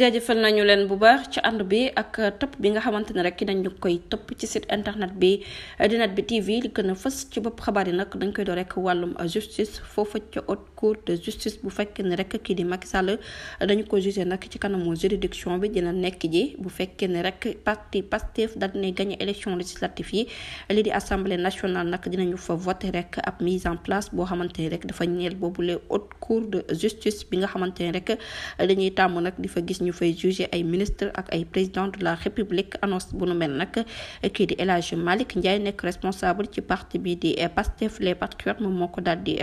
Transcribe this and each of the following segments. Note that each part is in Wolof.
jaajëfal nañu leen bu baax ci ànd bi ak topp bi nga xamante ne rek dañu koy topp ci site internet bi di Bi TV li gën a fës ci bopp xabaar yi nag dañ koy door rek wàllum justice foofa ca haute cour de justice bu fekkee ne rek kii di Macky Sall dañu ko jugé nak ci kanamu juridiction bi dina nekk ji bu fekkee ne rek parti Pastef daal dina gagné élection législative yi lii di assemblée nationale nag dinañu fa voté rek ab mise en place boo xamante ni rek dafa ñeel boobule haute cour de justice bi nga xamante ni rek dañuy tàmm nag di fa gis ñu fay jugé ay ministre ak ay président de la république annonce bu nu mel nag kii di El Hadj Malick Ndiaye nekk responsable ci parti bi di Pastef les patriotes moom moo ko daal di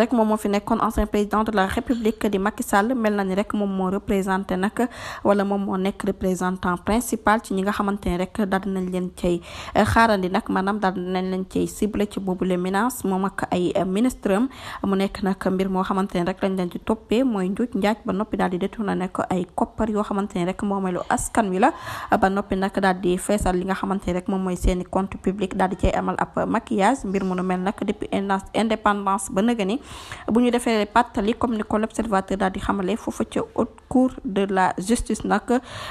rek moom moo fi nekkoon ancien président de la république di Macky Sall mel na ni rek moom moo représenté nag wala moom moo nekk représentant principal ñi nga xamante ni rek daal dinañ leen cay eh, xaarandi nag maanaam daal dinañ leen cay ciblé ci boobu les menaces moom ak ay eh, am mu nekk nag mbir moo xamante ni rek lañ leen di toppee mooy njuuj njaaj ba noppi daal di détourné nekk ay koppar yoo xamante ni rek moomeelu askan wi la ba noppi nag daal di feesal li nga xamante ni rek moom mooy seeni compte public daal di cay amal ab maquillage mbir mu nu mel nag depuis indépendance ba nëga ni bu ñu defee pàttali comme ni ko l'observateur daal di xamale foofa ca haute cour de la justice nag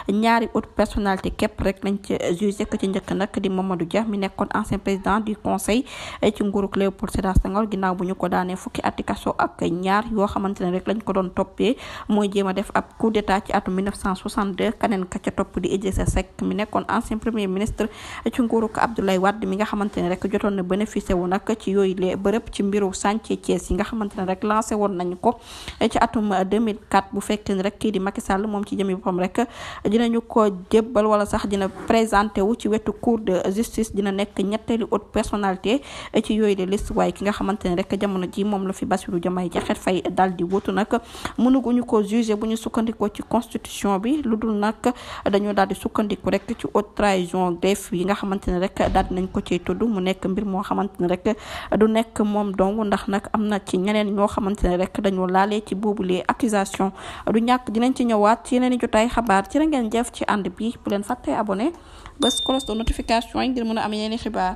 ñaari auto personnalité képp rek lañ ci jugé ko ci njëkk nag di Mamadou Dia mi nekkoon ancien président du conseil ci nguuruk Léopold Sédar Senghor ginnaaw bu ñu ko daanee fukki ati kaso ak ñaar yoo xamante ne rek lañ ko doon toppee mooy jéem a def ab coup d'état ci atum 1962 kaneen ka ca topp di Idrissa Seck mi nekkoon ancien premier ministre ci nguuruk Abdoulaye mi nga xamante ne rek jotoon na bénéficié wu nag ci yooyu les bërëb ci mbiru sànce yi nga xamante ne rek lancé woon nañu ko ci atum 2004 bu fekkee ni rek kii di Macky Sall moom ci jëmi boppam rek dinañu ko jébbal wala sax dina présenté wu ci wetu cour de justice dina nekk ñetteelu haute personnalité ci yooyu de liste waaye ki nga xamante ne rek jamono ji moom la fi Bassirou Diomaye Diakhar fay daal di wutu nag mënuguñu ko jugé bu ñu sukkandikoo ci constitution bi lu dul nag dañoo daal di sukkandiku rek ci haute trahison greffe yi nga xamante ne rek daal di nañ ko ciy tudd mu nekk mbir moo xamante ne rek ci ñeneen ñoo xamante ne rek dañoo laalee ci lee accusation du ñàkk dinañ ci ñëwaat ci yeneen i jotaay xabaar ci la ngeen jëf ci ànd bi bu leen fàttee abonné bés cloche de notification yi ngir mën a am yeneen i xibaar